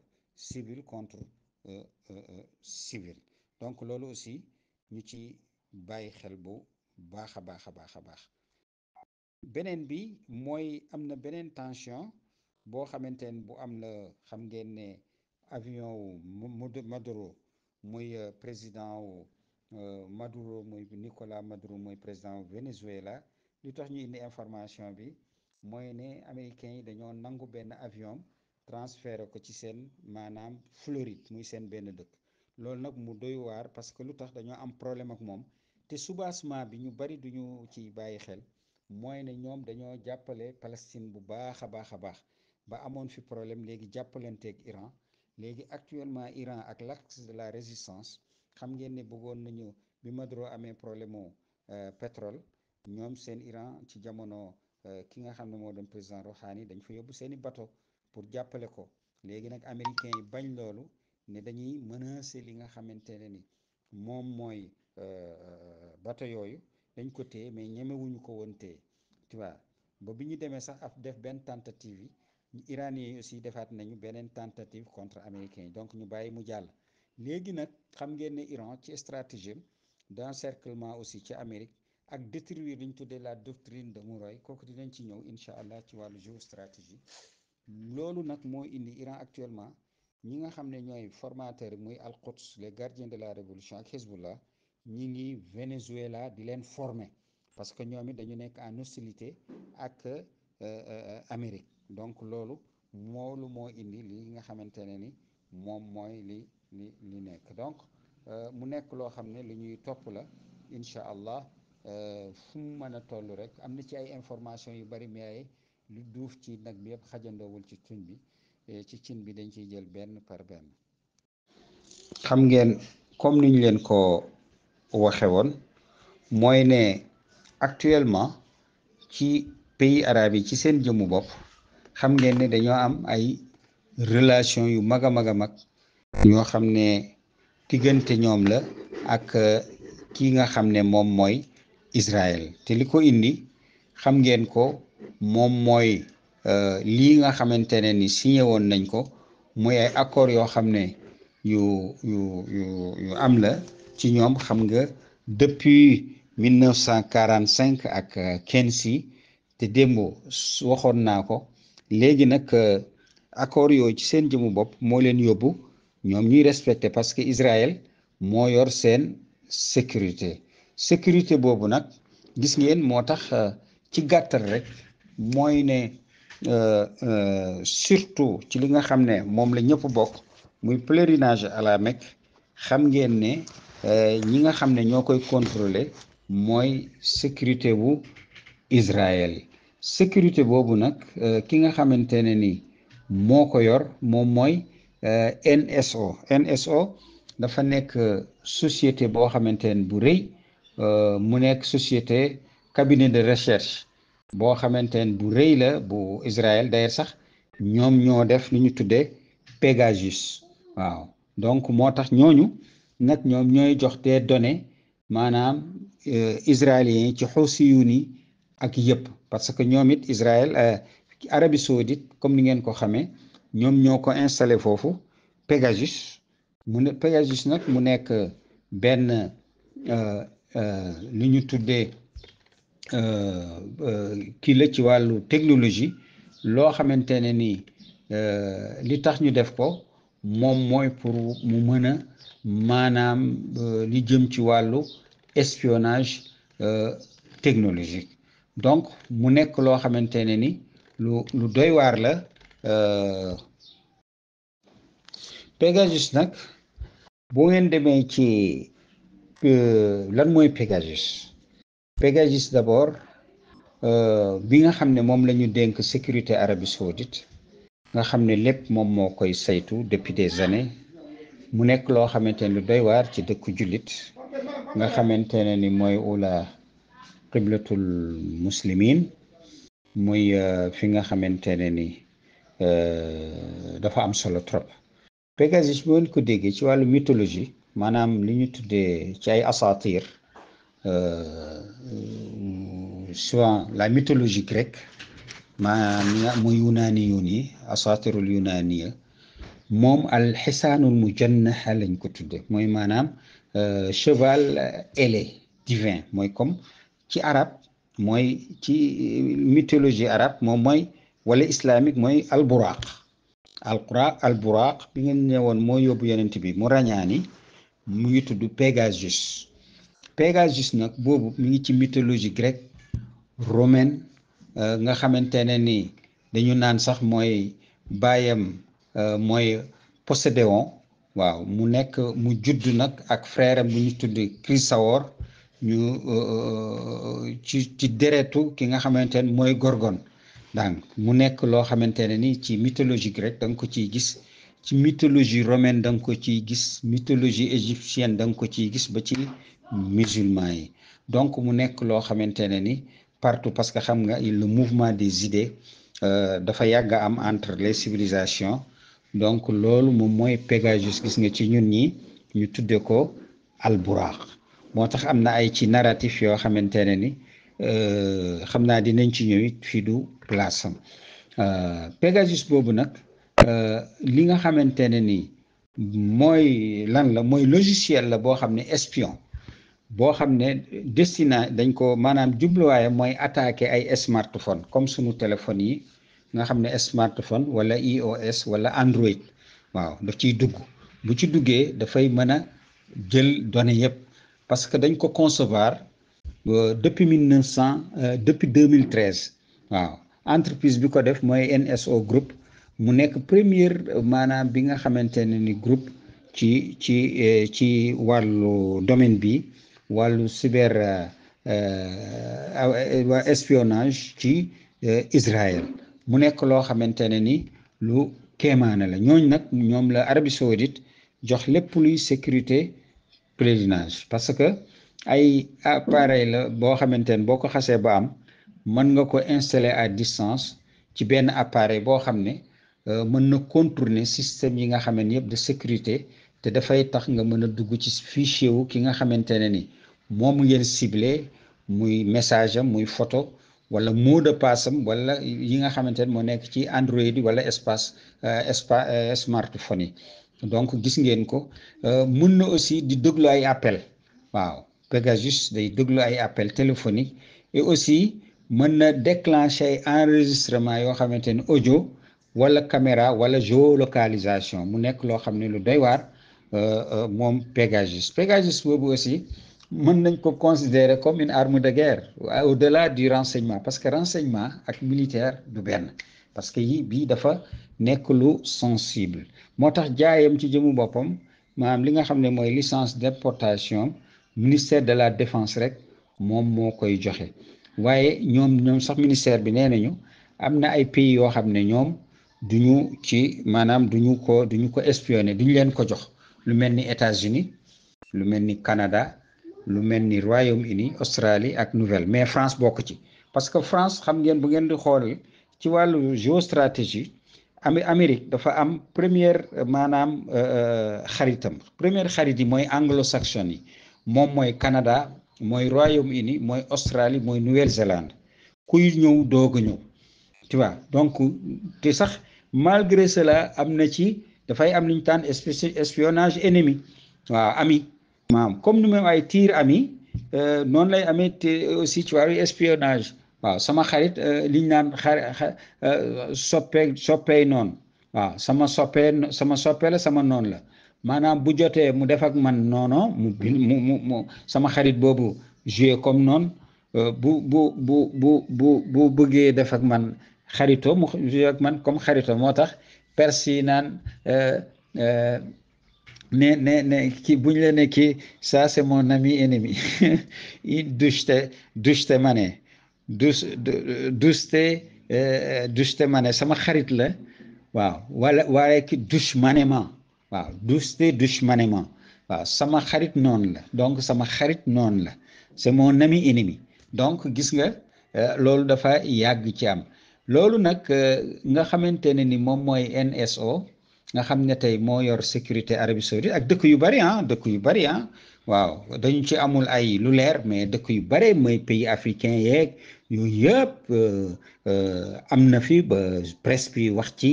civil contre Euh, euh, euh, civil donc loolu aussi ñu ci bàyyi xel bu baax a baax a baax a baax beneen bi mooy am na beneen tension boo xamante ne bu am na xam ngeen ne avion wu Maduro mooy président wu Maduro muy Nicolas Maduro mooy président wu Venezuela lu tax ñu indi information bi mooy ne américains yi dañoo nangu benn avion transféré ko ci seen maanaam Floride muy seen benn dëkk loolu nag mu doy waar parce que lu tax dañoo am problème ak moom te soubassement bi ñu bari duñu ci bàyyi xel mooy ne ñoom dañoo jàppale Palestine bu baax a baax a baax ba amoon fi problème léegi jàppalanteeg Iran léegi actuellement Iran ak l'axe de la résistance xam ngeen ne bëggoon nañu bi Maduro amee problème mu euh, pétrole ñoom seen Iran ci jamono euh, ki nga xam ne moo doon président Rouhani dañ fa yóbbu seeni bateau pour jàppale ko léegi nag américain yi bañ loolu ne dañuy menacer li nga xamante ne ni moom mooy euh, euh, bato yooyu dañ ko téye mais ñemewuñu ko woon téye tu ba bi ñu demee sax af def benn tentative yi iran yi aussi defaat nañu beneen tentative contre américains yi donc ñu bàyyi mu jàll léegi nag xam ngeen ne Iran ci stratégie d'encerclement aussi ci Amérique ak détruire li ñu tuddee la doctrine de Monroe kooku dinañ ci ñëw incha allah ci wàllu stratégie loolu nag moo indi Iran actuellement ñi nga xam ne ñooy formateur muy Al-Quds les gardiens de la révolution ak Hezbollah ñi ngi Venezuela di leen former parce que ñoom it dañu nekk en hostilité ak euh, euh, Amérique donc loolu moolu moo indi li nga xamante ne ni moom mooy li li li nekk donc euh, mu nekk loo xam ne li ñuy topp la incha allah fu mu mën a toll rek am na ci ay information yu bari mais lu duuf ci nag bi yëpp xajandoowul ci eh, cin bi ci bi dañ ciy jël benn par benn xam ngeen comme niñ leen ko waxe woon mooy ne actuellement ci pays arabes yi ci seen jëmu bopp xam ngeen ne dañoo am ay relation yu mag a mag a mag ñoo xam ne diggante ñoom la ak eh, ki nga xam ne moom mooy Israël te li ko indi xam ngeen ko moom mooy euh, lii nga xamante ne ni signé woon nañ ko muy ay accord yoo xam ne yu yu yu yu am la ci ñoom xam nga depuis 1945 ak euh, Keynes te démb waxoon naa ko léegi nag euh, accord yooyu ci seen jëmu bopp moo leen yóbbu ñoom ñuy respecté parce que Israël moo yor seen sécurité sécurité boobu nag gis ngeen moo tax ci gàttal rek mooy ne euh, euh, surtout ci li nga xam ne moom la ñëpp bokk muy pèlerinage à la Mecque xam ngeen ne euh, ñi nga xam ne ñoo koy contrôler mooy sécurité bu Israël sécurité boobu nag ki nga xamante ne ni moo ko yor moom mooy NSO NSO dafa nekk société boo xamante ne bu rëy mu nekk société cabinet de recherche. boo xamante ne bu rëy la bu Israël d'ailleurs sax ñoom ñoo def li ñu tuddee Pegasus waaw donc moo tax ñooñu nag ñoom ñooy jox des données maanaam euh, israéliens ci Houthiyun yi ak yëpp parce que ñoom it Israël euh, Arabie Saoudite comme ni ngeen ko xamee ñoom ñoo ko installé foofu Pegasus mu ne Pegasus nag mu nekk benn euh, li ñu tuddee. Euh, euh, kii la ci wàllu technologie loo xamante ne nii euh, li tax ñu def ko moom mooy pour mu mën a maanaam li jëm ci wàllu espionnage technologique donc mu nekk loo xamante ne ni lu lu doy waar la Pegasus nag bu ngeen demee ci lan mooy Pegasus Pégagis d'abord euh, bi nga xam ne moom la ñu dénk sécurité Arabie Saoudite nga xam ne lépp moom moo koy saytu depuis des années mu nekk loo xamante ni doy waar ci dëkku jullit nga xamante ne ni mooy ula qiblatul muslimin muy euh, fi nga xamante ne ni euh, dafa am solo trop Pégagis bu ko déggee ci wàllu mythologie maanaam li ñu tuddee ci ay asatir Euh, euh, soit la mythologie grecque ma mu yunaani yoon yi asatirul yunaaniya moom al xisaanul mujannaha lañ ko tudde mooy maanaam euh, cheval ailé divin mooy comme ci arab mooy ci mythologie arab moom mooy wala islamique mooy al buraq al qura al buraq bi ngeen ñëwoon moo yóbbu yonent bi mu rañaani ngi tudd Pegasus Pegasus nag boobu mu ngi ci mythologie grecque romaine euh, nga xamante ne ni dañu naan sax mooy baayam euh, mooy Poséidon waaw mu nekk mu judd nag ak frère bu ñu tudd Chrysawor ñu euh, ci ci deretu ki nga xamante ne mooy Gorgone donc mu nekk loo xamante ne ni ci mythologie grecque da nga ko ciy gis ci mythologie romaine da ko ciy gis mythologie égyptienne da nga ko ciy gis ba ci musulmans yi donc mu nekk loo xamante ne ni partout parce que xam nga le mouvement des idées euh, dafa yàgg am entre les civilisations donc loolu moom mooy Pegasus gis nga ci ñun ñi ñu tuddee ko alburaax moo tax am na ay ci narratif yoo xamante ne ni euh, xam naa dinañ ci ñëw it fii du place am euh, Pegasus boobu nag li nga xamante ne nii mooy lan la mooy logiciel la boo xam ne espion boo xam ne destina dañ ko maanaam jubluwaayam mooy attaquer ay smartphone comme sunu téléphone yi nga xam ne smartphone wala iOS wala Android waaw daf ciy dugg bu ci duggee dafay mën a jël données yëpp parce que dañ ko concevoir euh, depuis mille neuf cent euh, depuis deux mille treize waaw entreprise bi ko def mooy NSO Group mu nekk première maanaam bi nga xamante ne ni groupe ci ci euh, ci wàllu domaine bi wàllu cyber euh, euh, espionnage ci euh, Israël mu nekk loo xamante ne ni lu kéemaane la ñooñ nag ñoom la Arabie saoudite jox lépp luy sécurité pèlerinage parce que ay appareil la boo xamante ne boo ko xasee ba am mën nga ko installé à distance ci benn appareil boo xam ne mën na contourner système yi nga xaman ne yëpp de sécurité te dafay tax nga mën a dugg ci fichier wu ki nga xamante ne ni moom ngeen ciblé muy message am muy photo wala mot de passe wala yi nga xamante ne moo nekk ci Android wala espace euh, espace euh, smartphone yi donc gis ngeen ko euh, mun na aussi di déglu ay appel waaw Pegasus day déglu ay appel téléphonique et aussi mën na déclencher ay enregistrement yoo xamante ne audio wala caméra wala géolocalisation mu nekk loo xam ne lu doy war Euh, euh, moom Pegasus Pegasus boobu aussi mën nañ ko considérer comme une arme de guerre euh, au-delà du renseignement parce que renseignement ak militaire du benn parce que yi bii dafa nekk lu sensible moo tax jaayam ci jëmu boppam maanaam li nga xam ne mooy licence d'importation ministère de la défense rek moom moo koy joxe waaye ñoom ñoom sax ministère bi nee nañu am na ay pays yoo xam ne ñoom du ñu ci maanaam duñu ko duñu ko espionner duñu leen ko jox lu mel ni États-Unis lu mel ni Canada lu mel ni Royaume-Uni Australie ak Nouvelle mais France bokk ci parce que France xam ngeen bu ngeen di xool ci wàllu géostratégie am Amérique dafa am première euh, maanaam euh, euh, xaritam première xarit yi mooy anglo-saxon yi moom mooy Canada mooy Royaume-Uni mooy Australie mooy Nouvelle-Zélande kuy ñëw doog a ñëw tu donc te sax malgré cela am na ci. dafay am lu ñu tànn espionnage ennemi waaw ami maam comme nu même ay tir ami euh, noonu lay amee aussi ci wàllu espionnage waaw sama xarit euh, li ñu naan xar euh, soppe soppey waaw sama soppee sama soppe la sama noon la maanaam bu jotee mu def ak man noono mu sama xarit boobu joué comme noon bu bu bu bu bu bu bëggee def ak man xarito mu joué ak man comme xarito moo tax perse yi naan eh, eh, ne ne ne ki buñ la ne kii ça c'est mon ami ennemi il dushte dushte ma sama xarit la waaw wala waaye ki dushmane ma waaw duste dushmane ma waaw sama xarit noonu la donc sama xarit noonu la c'est mon nami ennemi donc gis nga eh, loolu dafa yàgg ci am loolu nag eh, nga xamante ne ni moom mooy NSO nga xam ne tey moo yor sécurité Arabie Saoudite ak dëkk yu bari ah dëkk yu bari ah waaw dañu ci amul ay lu leer mais dëkk yu bari mooy pays africain yeeg yu yëpp eh, eh, am na fi ba presse bi wax ci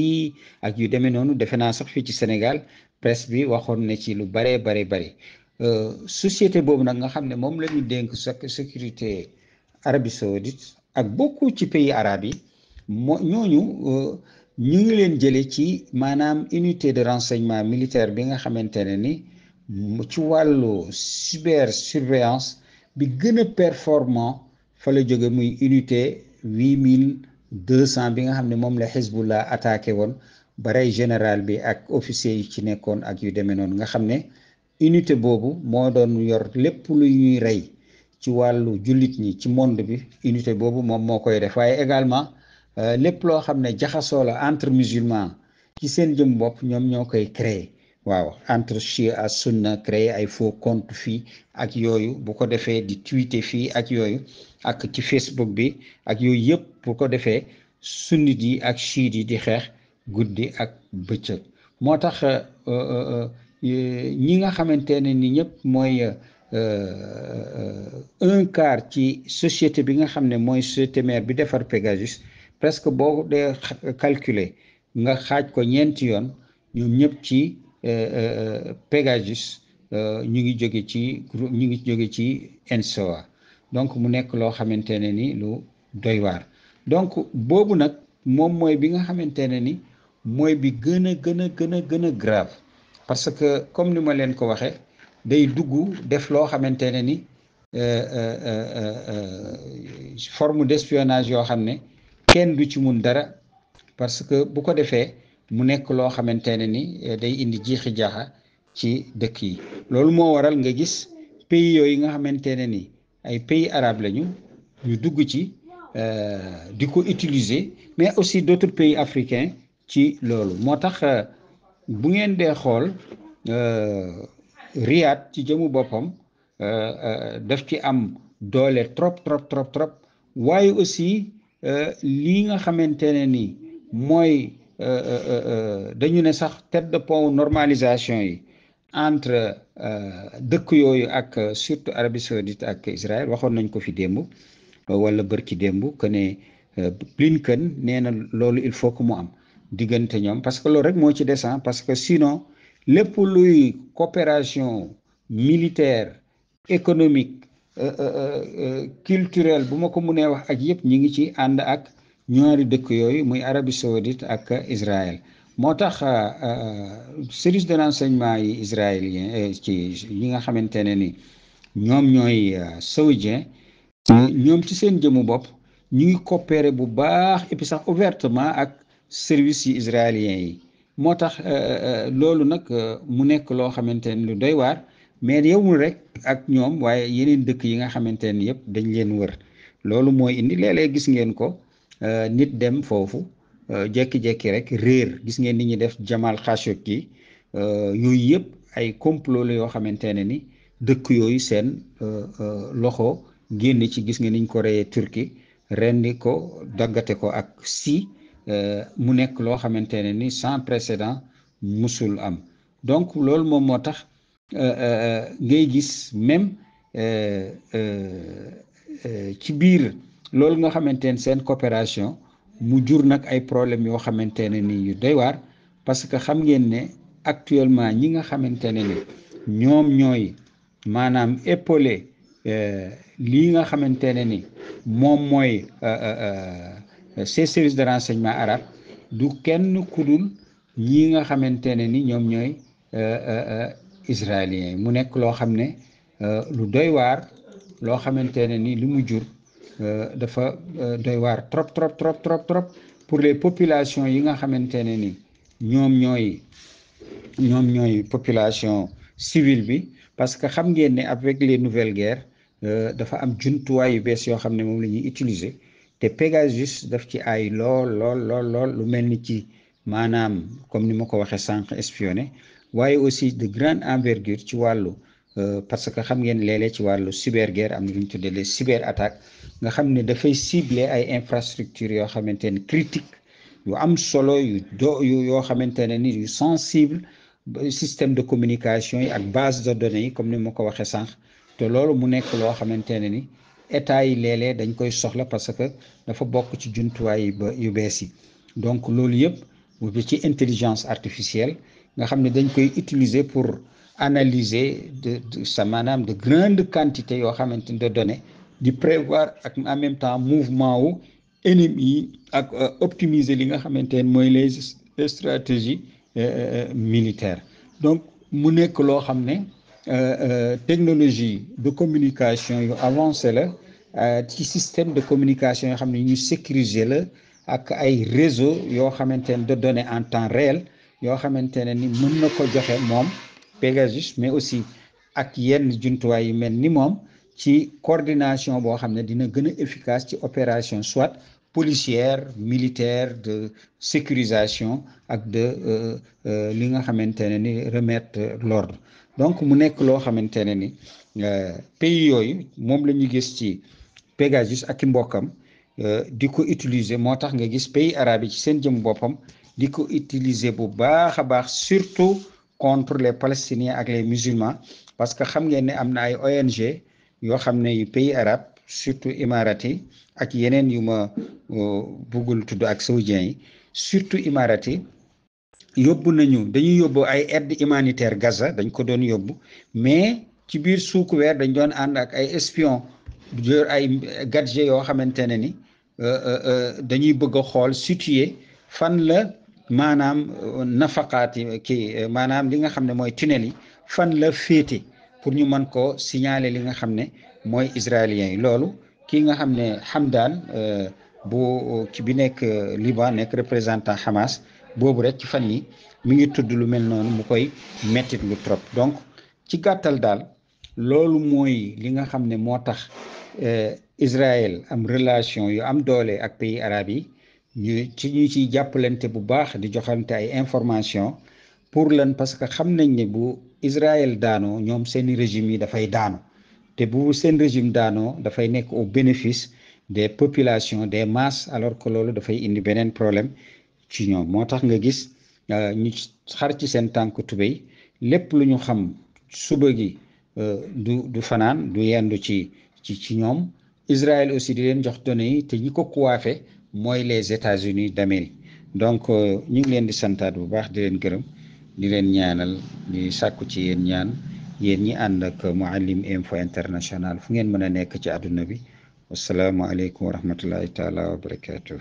ak yu demee noonu defe naa sax fii ci Sénégal presse bi waxoon na ci lu bari bare bari société boobu nag nga xam ne moom lañuy ñu dénk sécurité Arabie Saoudite ak beaucoup ci pays arabes yi moo ñooñu euh, ñu ngi leen jële ci maanaam unité de renseignement militaire bi nga xamante ne ni ci wàllu cyber surveillance bi gën a performant fa la jóge muy unité huit mille deux cent bi nga xam ne moom la Hezbollah attaqué woon barey général bi ak officier yi ci nekkoon ak yu demee noonu nga xam ne unité boobu moo doon yor lépp luy ñuy rey ci wàllu jullit ñi ci monde bi unité boobu moom moo koy def waaye également Euh, lépp loo xam ne jaxasoo la entre musulmans ci seen jëm bopp ñoom ñoo koy créer waaw entre chia ak sunna créer ay faux compte fii ak yooyu bu ko defee di tweeter fii ak yooyu ak ci Facebook bi ak yooyu yëpp bu ko defee sunnit yi ak chiit yi di xeex guddi ak bëccëg moo tax euh, euh, ñi nga xamante ne ni ñëpp mooy un quart ci société bi nga xam ne mooy société mère bi defar Pegasus presque boo dee calculer nga xaaj ko ñeenti yoon ñoom ñëpp ci euh, euh, Pegasus euh, ñu ngi jóge ci groupe ñu ngi jóge ci ENSOA donc mu nekk loo xamante ne ni lu doy waar donc boobu nag moom mooy bi nga xamante ne ni mooy bi gën a gën a gën a gën a grave parce que comme ni ma leen ko waxee day dugg def loo xamante ne ni forme d'espionnage yoo xam ne kenn du ci mun dara parce que bu ko defee mu nekk loo xamante ne ni eh, day indi jiixi jaaxa ci dëkk yi loolu moo waral nga gis pays yooyu nga xamante ne ni ay pays arabe lañu ñu dugg ci eh, di ko utiliser mais aussi d'autres pays africains ci loolu moo tax eh, bu ngeen dee xool Riyad ci jëmu boppam def ci am doole trop trop trop trop waaye aussi. Euh, lii nga xamante ne nii mooy euh, euh, dañu ne sax tête de pont normalisation yi entre dëkk yooyu ak surtout Arabie Saoudite ak Israël waxoon nañ ko fi démb wala bërki démb que ne Blinken nee na loolu il faut que mu am diggante ñoom parce que loolu rek moo ci descend parce que sinon lépp luy coopération militaire économique Euh, euh, euh, culturel bu ma ko munee wax ak yëpp ñi ngi ci ànd ak ñaari dëkk yooyu muy Arabie Saoudite ak Israël moo tax service de renseignement yi israélien ci ñi nga xamante ne ni ñoom ñooy saoudien ñoom ci seen jëmu bopp ñu ngi coopéré bu baax et sax ouvertement ak service yi israélien yi moo tax loolu nag mu nekk loo xamante ne lu doy waar mais yewul rek ak ñoom waaye yeneen dëkk yi nga xamante ne yëpp dañ leen wër loolu mooy indi léeg-léeg gis ngeen ko euh, nit dem foofu euh, jekki-jekki rek réer gis ngeen ni ñuy def Jamal Khashoggi euh, yooyu yëpp ay complot yoo xamante ne ni dëkk yooyu seen loxo génn ci gis ngeen niñ ko reyee Turquie rendi ko daggate ko ak si mu nekk loo xamante ne ni sans précédent musul am donc loolu moom moo tax Euh, euh, ngay gis même euh, ci biir loolu nga xamante ne seen coopération mu jur nag ay problèmes yoo xamante ne ni yu waar parce que xam ngeen ne actuellement ñi nga xamante ne ni ñoom ñooy maanaam épaulé lii nga xamante ne ni moom mooy ces services de renseignement arabe du kenn kudul ñi nga xamante ne ni ñoom ñooy israélien mu nekk loo xam ne euh, lu doy waar loo xamante ne nii lu mu jur euh, dafa euh, doy waar trop trop trop trop trop pour les populations yi nga xamante ne nii ñoom ñooy ñoom ñooy population civile bi parce que xam ngeen ne avec les nouvelles guerres dafa am jumtuwaay yu bees yoo xam ne moom la ñuy utiliser te Pegasus daf ci ay lool lool lool lu mel ni ci maanaam comme ni ma ko waxee sànq espionné waaye aussi de grande envergure ci wàllu euh, parce que xam ngeen léeg ci wàllu cyberguerre am na lu ñu tuddee les cyber attaques nga xam ne dafay cibler ay infrastructures yoo xamante ne critique yu am solo yu do yoo xamante ne ni yu sensible système de communication yi ak base de données yi comme ni ma ko waxee sànq te loolu mu nekk loo xamante ne ni état yi léeg dañ koy soxla parce que dafa bokk ci jumtuwaay yu bees yi donc loolu yëpp bu ci intelligence artificielle nga xam ne dañ koy utiliser pour analyser de de sa maanaam de grande quantité yoo xamante ni de données di prévoir ak en même temps mouvement wu ennemis yi ak euh, optimiser li nga xamante ne mooy les stratégies euh, euh, militaires donc mu nekk loo xam ne technologie de communication yu avancé la ci système de communication yoo xam ne ñu sécuriser la ak ay réseau yoo xamante ne de données en temps réel yoo xamante ne ni mën na ko joxe moom Pegasus mais aussi ak yenn jumtuwaay yu mel ni moom ci coordination boo xam ne dina gën a efficace ci opération soit policière militaire de sécurisation ak de euh, euh, li nga xamante ne ni remettre l'ordre donc mu nekk loo xamante ne ni euh, pays yooyu moom la ñu gis ci Pegasus ak i mbokkam di ko utiliser moo tax nga gis pays arabe yi ci seen jëm boppam di ko utiliser bu baax a baax surtout contre les palestiniens ak les musulmans parce que xam ngeen ne am na ay ONG yoo xam ne yu pays arabe surtout imarati ak yeneen yu ma euh, bëggul tudd ak saoudiens yi surtout imarati yi yóbbu nañu dañuy yóbbu ay aide humanitaire Gaza dañ ko doon yóbbu mais ci biir suuk weer dañ doon ànd ak ay espion jor ay gadget yoo xamante ne ni euh, euh, dañuy bëgg xool situer fan la maanaam euh, nafaqaat kii euh, maanaam li nga xam ne mooy tunnel yi fan la féete pour ñu mën koo signaler li nga xam ne mooy israélien yi loolu kii nga xam ne Hamdan euh, bu ki bi nekk Liban nekk représentant Hamas boobu rek ci fan yi mi ngi tudd lu mel noonu mu koy mettit lu trop donc ci gàttal daal loolu mooy li nga xam ne moo tax Israël am relation yu am doole ak pays arabes yi ñu ci ñu ciy jàppalante bu baax di joxante ay information pour lan parce que xam nañ ne bu Israël daanoo ñoom seeni régime yi dafay daanu te bu seen régime daanoo dafay nekk au bénéfice des populations des masses alors que loolu dafay indi beneen problème ci ñoom moo tax nga gis euh, ñu xar ci seen tànk tubéy lépp lu ñu xam suba gi euh, du du fanaan du yendu ci ci ci ñoom Israël aussi di leen jox données yi te ñi ko kuwaafe mooy les États-Unis d'Amérique donc euh, ñu ngi leen di santaat bu baax di leen gërëm di leen ñaanal di sakku ci yéen ñaan yéen ñi ànd ak Mouhalim Info International fu ngeen mën a nekk ci àdduna bi wasalaamualeykum wa rahmatullahi taala wa barakatuh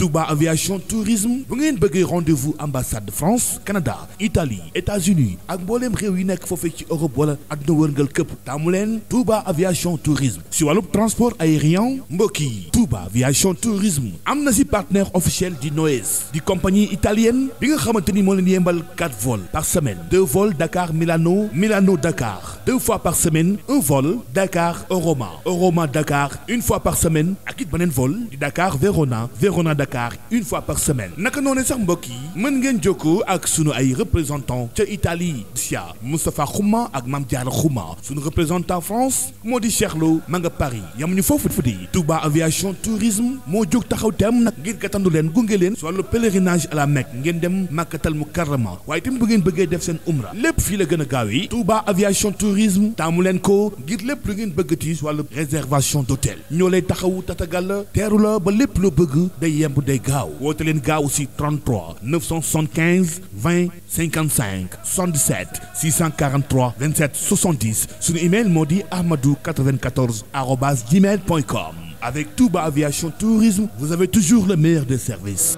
Touba aviation tourisme bu ngeen bëggee rendez-vous ambassade de France Canada Italie États-Unis ak mbooleem réew yi nekk foofee ci Europe wala àdduna wërngal këpp taamu leen Touba aviation tourisme si wàllub transport aérien mbokk yi Touba aviation tourisme am na si partenaire officiel di Noes di compagnie italienne bi nga xamante ni moo leen yembal quatre par semaine deux vols Dakar Milano Milano Dakar deux par semaine un vol Dakar Roma Roma Dakar une fois par semaine ak it beneen vol di Dakar Verona Verona Dakar une fois par semaine naka noonu sax mbokk yi mën ngeen jokkoo ak sunu ay représentant ca Italie sia Moustapha Xuma ak Mame Diarra Xuma sunu représentant France moo di Cheikh ma nga Paris yamuñu foofu futi Touba aviation tourisme moo jóg taxaw teem nag ngir gàttandu leen gunge leen si wàllu pèlerinage à la Mecque ngeen dem Makkatal Mukarrama waaye tamit bu ngeen bëggee def seen umra lépp fii la gën a gaawee Touba aviation tourisme taamu leen ko ngir lépp lu ngeen bëggati si wàllu réservation d'hôtel ñoo lay taxawu bu dee gaaw leen gaaw si 33 975 20 55 77 643 27 70 suñu email moo di ahmadou 94 arobase gmail point com avec Touba Aviation Tourisme vous avez le meilleur des services